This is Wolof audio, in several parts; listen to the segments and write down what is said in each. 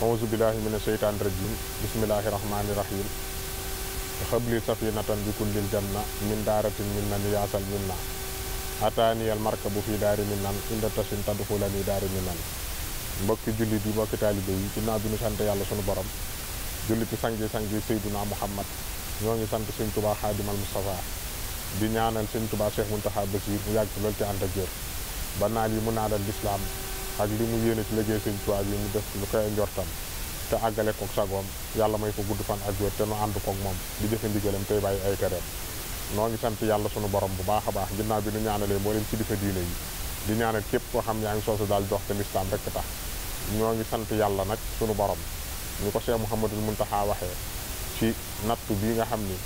awuzu billahi mina sheytaani rajim bismillahi rahmaani rahim xabli safinatan bi kullil janna min daaratin min nan yaasal min na ataaniyal markabu fii daari min nan inda tasin tadxulani daari min nan mbokki jullit yi mbokki taalibe yi ginnaaw bi ñu sant yàlla sunu borom julli ci sangi sangi seyduna muhammad ñoo ngi sant sëñ tubaa xaadimal mustapha di ñaanal sëñ tubaa cheikh muntaxa basir mu yàgg lool ci ànd ak jër ba naal yi mu naalal lislaam ak li mu yéene ci liggéey Sëñ Tuubaa bi mu def lu koy njortam te àggale koog sagoom yàlla may ko gudd fan ak wér te nu ànd koog moom di jëfe ndigalam tey bàyyi ay tereem noo ngi sant yàlla sunu borom bu baax a baax ginnaaw bi nu ñaanalee moo leen kilifa diine yi di ñaanal képp koo xam yaa ngi soosu daal dox te lislaam rekk tax ñoo ngi sant yàlla nag sunu borom ñu ko Cheikh Mouhamadul Muntaxa waxee ci nattu bii nga xam ni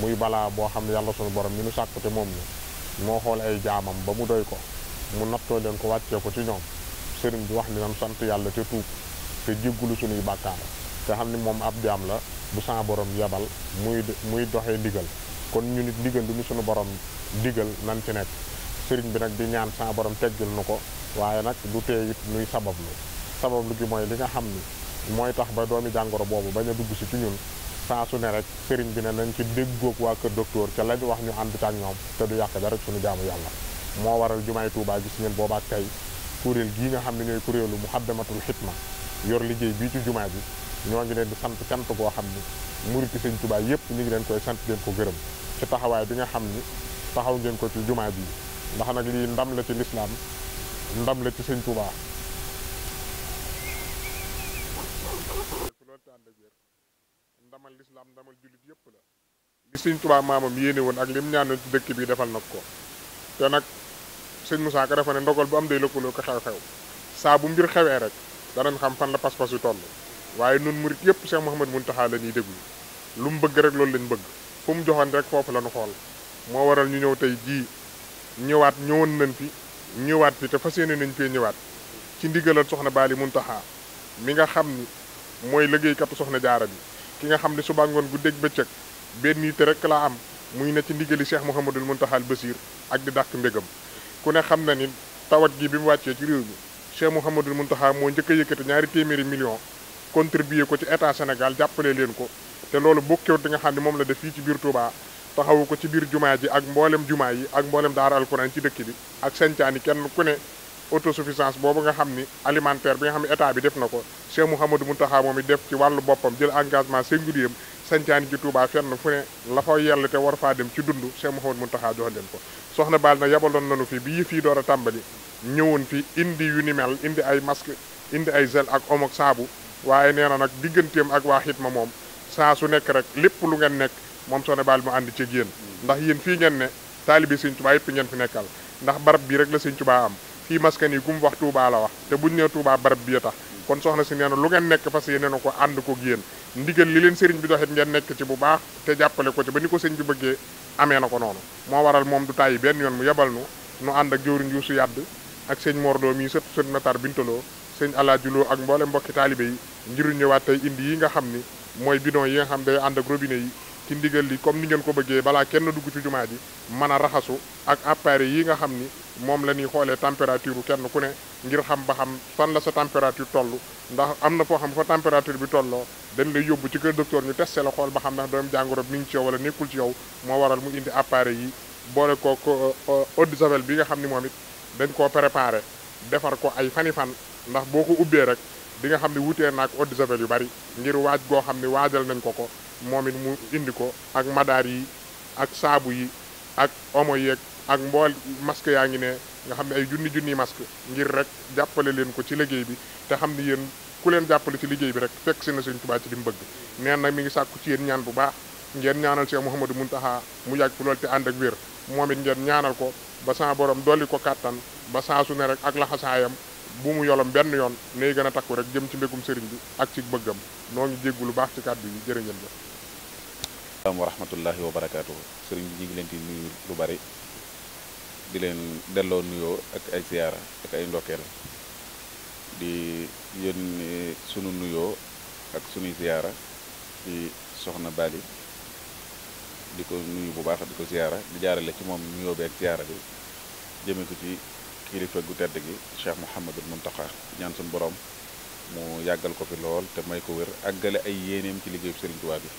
muy balaa boo xam ne yàlla sunu borom mi nu sàkku te moom ni moo xool jaamam ba mu doy ko mu nattoo leen ko wàccee ko ci ñoom sëriñ bi wax ni nan sant yàlla te tuub te jéggulu suñuy bàkkaar te xam ni moom ab jaam la bu sa boroom yebal muy muy doxee ndigal kon ñu nit ndigal lu ñu suñu borom digal nan ci nekk sëriñ bi nag di ñaan sa borom teggil nu ko waaye nag du tee it nuy sabablu sabablu gi mooy li nga xam ni mooy tax ba doomi jàngoro boobu bañ a dugg si ci ñun saa su ne rek sëriñ bi ne nañ ci déggoog waa kër docteur ca lañu wax ñu ànd ak ñoom te du yàq dara suñu jaamu yàlla moo waral jumaay Tuubaa gis ngeen boobaak tey kuréel gii nga xam ne ñooy kuréelu muxaddamatul xitma yor liggéey bii ci jumaa bi ñoo ngi leen di sant sant koo xam ni muriti sëñ Tuubaa yëpp ñu ngi leen koy sant leen ko gërëm ci taxawaay bi nga xam ni taxaw ngeen ko ci jumaa bi ndax nag lii ndam la ci lislaam ndam la ci sëñ Tuubaa ndamal lislaam ndamal jullit yëpp la li sëñ Tuubaa maamam yéene woon ak lim ñaanoon ci dëkk bi defal nag ko te nag seen Moussa Ka dafa ne ndogal bu am day lëkkaloo ko xew-xew saa bu mbir xewee rek danañ xam fan la pas-pas yu toll waaye nun murit yëpp Cheikh Mouhamed Mountakha la ñuy déglu lu mu bëgg rek loolu lañ bëgg fu mu joxoon rek foofu la ñu xool moo waral ñu ñëw tey jii ñëwaat ñëwoon nañ fi ñëwaat fi te fas yéene nañ fee ñëwaat ci ndigalal soxna Baali Mountakha mi nga xam ni mooy liggéeykatu soxna jaara bi ki nga xam ne suba ngoon gu dégg bëccëg benn yitte rek laa am muy ne ci ndigali Cheikh Mouhamadul Mountakhal Basir ak di dàq mbégam ku ne xam na ni tawat gi bi mu wàccee ci réew mi Cheikh Mouhamadul Mountakha moo njëkk a yëkkati ñaari téeméeri million contribué ko ci état Sénégal jàppale leen ko te loolu bokkewut di nga xam ne moom la def fii ci biir Touba taxawu ko ci biir jumaa ji ak mboolem jumaa yi ak mboolem daara alquran ci dëkk bi ak sancaani kenn ku ne autosuffisance boobu nga xam ni alimentaire bi nga xam ne état bi def na ko Cheikh Mouhamadou Mountakha moom it def ci wàllu boppam jël engagement singulier am sancaani ci Touba fenn fu ne la te war faa dem ci dund Cheikh Mouhamadou Mountakha jox leen ko soxna baal na yabaloon nañu fi bi yëf yi door a tàmbali ñëwoon fi indi yu ni mel indi ay masque indi ay gel ak omo saabu waaye nee na nag digganteem ak waa ma moom saa su nekk rek lépp lu ngeen nekk moom soxna baal mu ànd ci yéen ndax yéen fii ngeen ne taalibi sëñ tubaa yëpp ngeen fi nekkal ndax barab bi rek la sëñ tubaa am fii maskan yi gum wax tuubaa la wax te buñ nee tuubaa barab bi a tax kon soxna si nee na lu ngeen nekk fas yéene na ko ànd ko yéen ndigal li leen sëriñ bi doxit ngeen nekk ci bu baax te jàppale ko ci ba ni ko sëñ bi bëggee amee na ko noonu moo waral moom du tàyyi benn yoon mu yebal nu nu ànd ak jëwriñ Yuusu Yàdd ak sëñ Mordoo mii sët sëñ Matar Bintaloo sëñ alaajuloo ak mboole mbokki taalibe yi ngir ñëwaat tey indi yi nga xam ni mooy bidon yi nga xam day ànd ak robinet yi ci ndigal li comme ni ngeen ko bëggee balaa kenn dugg ci jumaa ji mën a raxasu ak appareil yi nga xam ni moom la ñuy xoolee température kenn ku ne ngir xam ba xam fan la so température toll ndax am na foo xam fa température bi tolloo dañ lay yóbbu ci kër docteur ñu testé la xool ba xam ndax doom jàngoro mi ngi ci yow wala nekkul ci yow moo waral mu indi appareil yi boole ko euh, euh, eau de nga xam ni moom dañ koo préparé defar ko ay fani fan ndax boo ko ubbee rek bi nga xam ne wutee naak eau de javel yu bari ngir waaj goo xam ne waajal nañ ko ko moom it mu indi ko ak madaar yi ak saabu yi ak omo yeeg ak mbool masque yaa ngi ne nga xam ne ay junni junni masque ngir rek jàppale leen ko ci liggéey bi te xam ni yéen ku leen jàppale ci liggéey bi rek fekk si na Sëriñ Tuubaa ci li bëgg neen nag mi ngi sàkku ci yéen ñaan bu baax ngeen ñaanal Cheikh Mouhamadou taxa mu yàgg fu lool te ànd ak wér moom it ngeen ñaanal ko ba saa borom dolli ko kàttan ba saa ne rek ak laxasaayam bu mu yolom benn yoon nay gën a takku rek jëm ci mbégum sëriñ bi ak ci bëggam noo ngi jéggu lu baax ci kàddu yi jërë ngeen jëf. wa rahmatullahi wa barakaatu sëriñ bi ñu ngi leen di lu bari di leen delloo nuyoo ak ay ziyaara ak ay ndokkeel di yónni sunu nuyoo ak sunuy ziyaara di soxna Bali di ko nuyu bu baax di ko ziyaara di jaarale ci moom nuyoo bi ak ziyaara bi jëme ko ci kilifa gu tedd gi Cheikh Mouhamadul Mountakha ñaan suñu borom mu yàggal ko fi lool te may ko wér àggale ay yéeneem ci liggéeyu Serigne Touba bi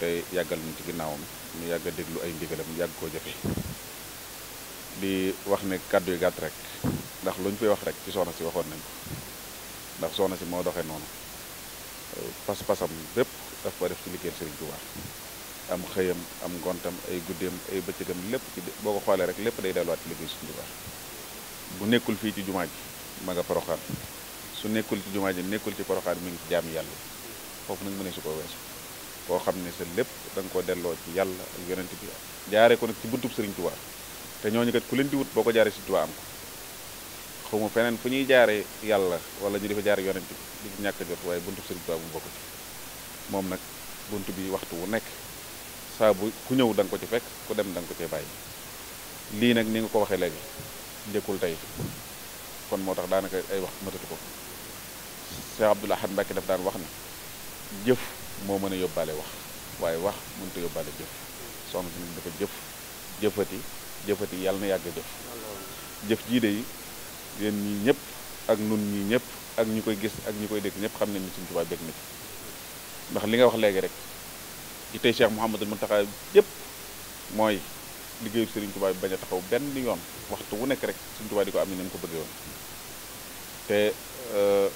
te yàggal ñu ci ginnaawam ñu yàgg a déglu ay ndigalam yàgg koo jëfe di wax ne kàddu yu gàtt rek ndax lu ñu fay wax rek ci soxna si waxoon nañ ko ndax soxna si moo doxee noonu pas-pasam bépp daf ko def ci liggéeyal Sëriñ Tuubaa am xëyam am ngontam ay guddeem ay bëccëgam lépp ci boo ko xoolee rek lépp day delluwaat ci liggéey Sëriñ Tuubaa bu nekkul fii ci jumaa ji ma nga poroxaan su nekkul ci jumaa ji nekkul ci poroxaan mu ngi ci jaami yàlla foofu nag mu ne su ko weesu koo xam ne sa lépp da nga ko delloo ci yàlla ak yonent bi jaaree ko nag ci buntub Sëriñ Tuubaa te ñooñu kat ku leen di wut boo ko jaaree si Tuubaa am ko xaw ma feneen fu ñuy jaaree yàlla wala ñu di fa jaare yonent bi di ñàkk jot waaye buntu Sëriñ Tuubaa bu bokk moom nag bunt bi waxtu wu nekk saabu ku ñëw da ko ci fekk ku dem da ko cee bàyyi lii nag ni nga ko waxee léegi njëkkul tey kon moo tax daanaka ay wax matatu ko Cheikh Abdoul Ahad Mbacké daf daan wax ne jëf moo mën a yóbbaale wax waaye wax mënut a yóbbaale jëf soxna si dafa jëf jëfati jëfati yàlla na yàgg jëf jëf jii de yi yéen ñi ñëpp ak nun ñi ñëpp ak ñi koy gis ak ñi koy dégg ñëpp xam ne ni suñ tubaa bég na ndax li nga wax léegi rek ci tey Cheikh Mouhamadul Mountakha yëpp mooy liggéeyu Serigne Touba bi bañ a taxaw benn yoon waxtu wu nekk rek Serigne Touba di ko am ni mu ko bëggee woon te euh,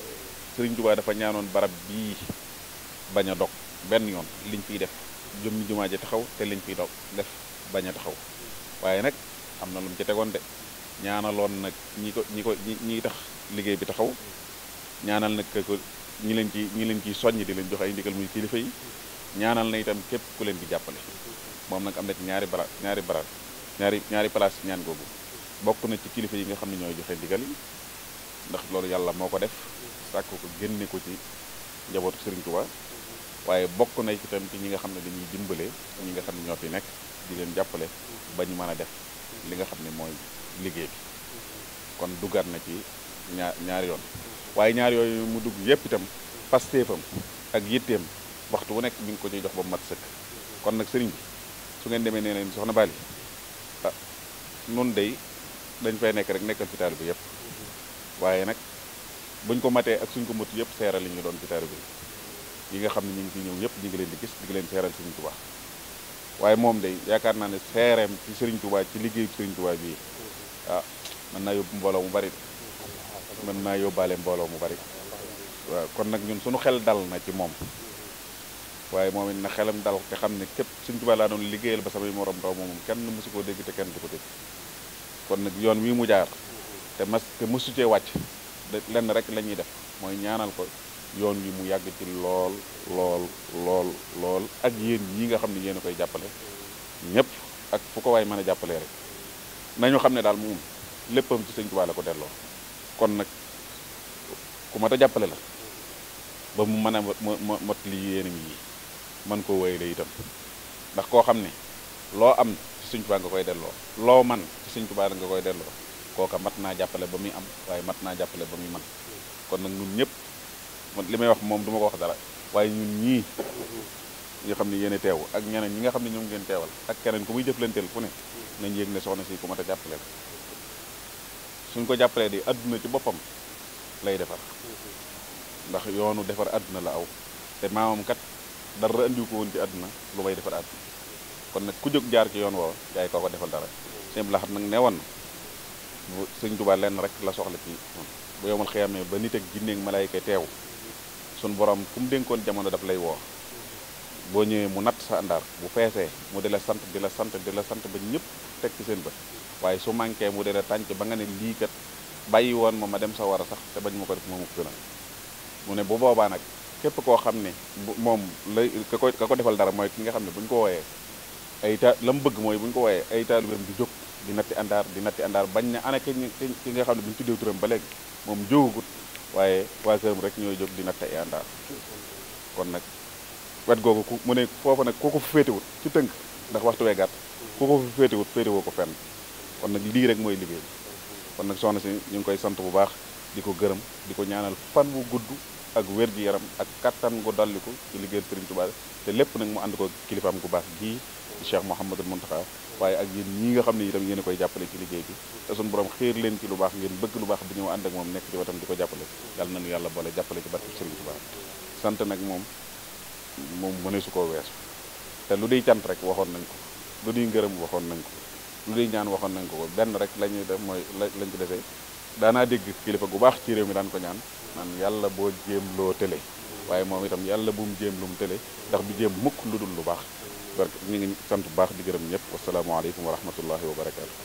Serigne Touba dafa ñaanoon barab bii bañ a dog benn yoon liñ fiy def jëm jumaa ji taxaw te liñ fiy dog def bañ a taxaw waaye nag am na lu mu ci tegoon de ñaanaloon nag ñi ko ñi ko ñi tax liggéey bi taxaw ñaanal nag ko ñi leen ci ñi leen ciy soññ di leen jox ay ndigal muy kilifa yi ñaanal na itam képp ku leen di jàppale moom nag am na ci ñaari bara ñaari bara ñaari ñaari place ñaan googu bokk na ci kilifa yi nga xam ne ñooy joxe ndigal yi ndax loolu yàlla moo ko def sàkk ko génne ko ci njabootu Serigne Touba waaye bokk na ci itam ci ñi nga xam ne dañuy dimbale ñi nga xam ne ñoo fi nekk di leen jàppale bañ ñu mën a def li nga xam ne mooy liggéey bi kon duggaat na ci ñaar ñaari yoon waaye ñaari yooyu mu dugg yépp itam pastéefam ak yitteem waxtu wu nekk ñu ngi ko ciy jox ba mat sëkk kon nag sëriñ bi su ngeen demee nee leen soxna Bali ah nun day dañ fay nekk rek nekkal ci taal bi yépp waaye nag buñ ko matee ak suñ ko mot yépp seeral li ñu doon ci taal bi yi nga xam ni ñu ngi fi ñëw yépp ñu ngi leen di gis di ngi leen seeral suñu Tuubaa waaye moom day yaakaar naa ne seereem ci Serigne Touba ci liggéey Serigne Touba bii ah mën naa yóbbu mbooloo mu bari mën naa yóbbaale mbooloo mu bari waaw kon nag ñun suñu xel dal na ci moom waaye moom it na xelam dal te xam ne képp Serigne Touba laa doon liggéeyal ba samay morom raw moom kenn mësu koo dégg te kenn ko dégg kon nag yoon wi mu jaar te mas te mësu cee wàcc lenn rek lañuy def mooy ñaanal ko yoon wi mu yàgg ci lool lool lool lool ak yéen ñi nga xam ne yéen koy jàppale ñëpp ak fu ko waay mën a jàppalee rek nañu xam ne daal mu moom léppam ci sëñ Tuubaa la ko delloo kon nag ku mat a jàppale la ba mu mën a ma mot li yéenam yi mën koo wéyale itam ndax koo xam ne loo am ci sëñ Tuubaa nga koy delloo loo man ci sëñ Tuubaa nga koy delloo kooka mat naa jàppale ba mu am waaye mat naa jàppale ba muy man kon nag ñun ñëpp man li may wax moom du ko wax dara waaye ñun ñii mhm. xam ne yéen teew ak ñeneen ñi nga xam ne ñoom ngeen teewal ak keneen ku muy jëflanteel ku ne nañ yéeg ne soxna si ku mat a jàppale suñ ko jàppalee di àdduna ci boppam lay defar mhm. ndax yoonu defar àdduna la aw te maamam kat dara andiw ko woon ci àdduna lu may defar adduna kon nag ku jóg jaar ci yoon woowa yaay koo ko defal dara sëñ la xam nag ne woon na bu sëñ Tuubaa lenn rek la soxla ci bu yomal xiyamee ba nit ak jinne ak teew sun borom ku mu dénkoon jamono daf lay woo boo ñëwee mu natt sa àndaar bu feesee mu de la sant di la sant di la sant ba ñëpp teg ci seen bët waaye su manqué mu di la tànc ba nga ne lii kat bàyyi woon ma ma dem sa war a sax te bañ ma ko def moomu gënal mu ne bu boobaa nag képp koo xam ne moom lay ka ko defal dara mooy ki nga xam ne bu ñu ko wooyee ay ta la mu bëgg mooy bu ñu ko wooyee ay taalibeem di jóg di natti àndaar di natti àndaar bañ ne ana ki nga xam ne bu ñu tuddee turam ba léegi moom jógagut waaye waa këram rek ñooy jóg di natt ay kon nag wet googu ku mu ne foofu nag ku ko fu ci tënk ndax waxtu wee gàtt ku ko fu féetewut féetewoo ko fenn kon nag lii rek mooy liggéey kon nag soxna si ñu ngi koy sant bu baax di ko gërëm di ko ñaanal fan wu gudd ak wér gi yaram ak kattan gu dolliku ci liggéeyal Serigne Touba te lépp nag mu ànd ko kilifaam gu baax gii Cheikh Mouhamadul Mountakha waaye ak yéen ñii nga xam ne itam yéen a koy jàppale ci liggéey bi te suñu borom xéer leen ci lu baax ngeen bëgg lu baax bi ñëw ànd ak moom nekk ci watam di ko jàppale yàlla nañu yàlla boole jàppale ci barke Sëriñ Tuubaa sant nag moom moom mëne su koo weesu te lu dee cant rek waxoon nañ ko lu dee ngërëm waxoon nañ ko lu dee ñaan waxoon nañ ko benn rek la ñuy def mooy lañ ko defee daanaa dégg kilifa gu baax ci réew mi daan ko ñaan naan yàlla boo jéem loo tële waaye moom itam yàlla bu mu lu mu tële ndax du jéem mukk lu dul lu baax barke ñu ngi sant bu baax di gërëm ñëpp wasalaamaaleykum wa rahmatullahi wa barakaatu.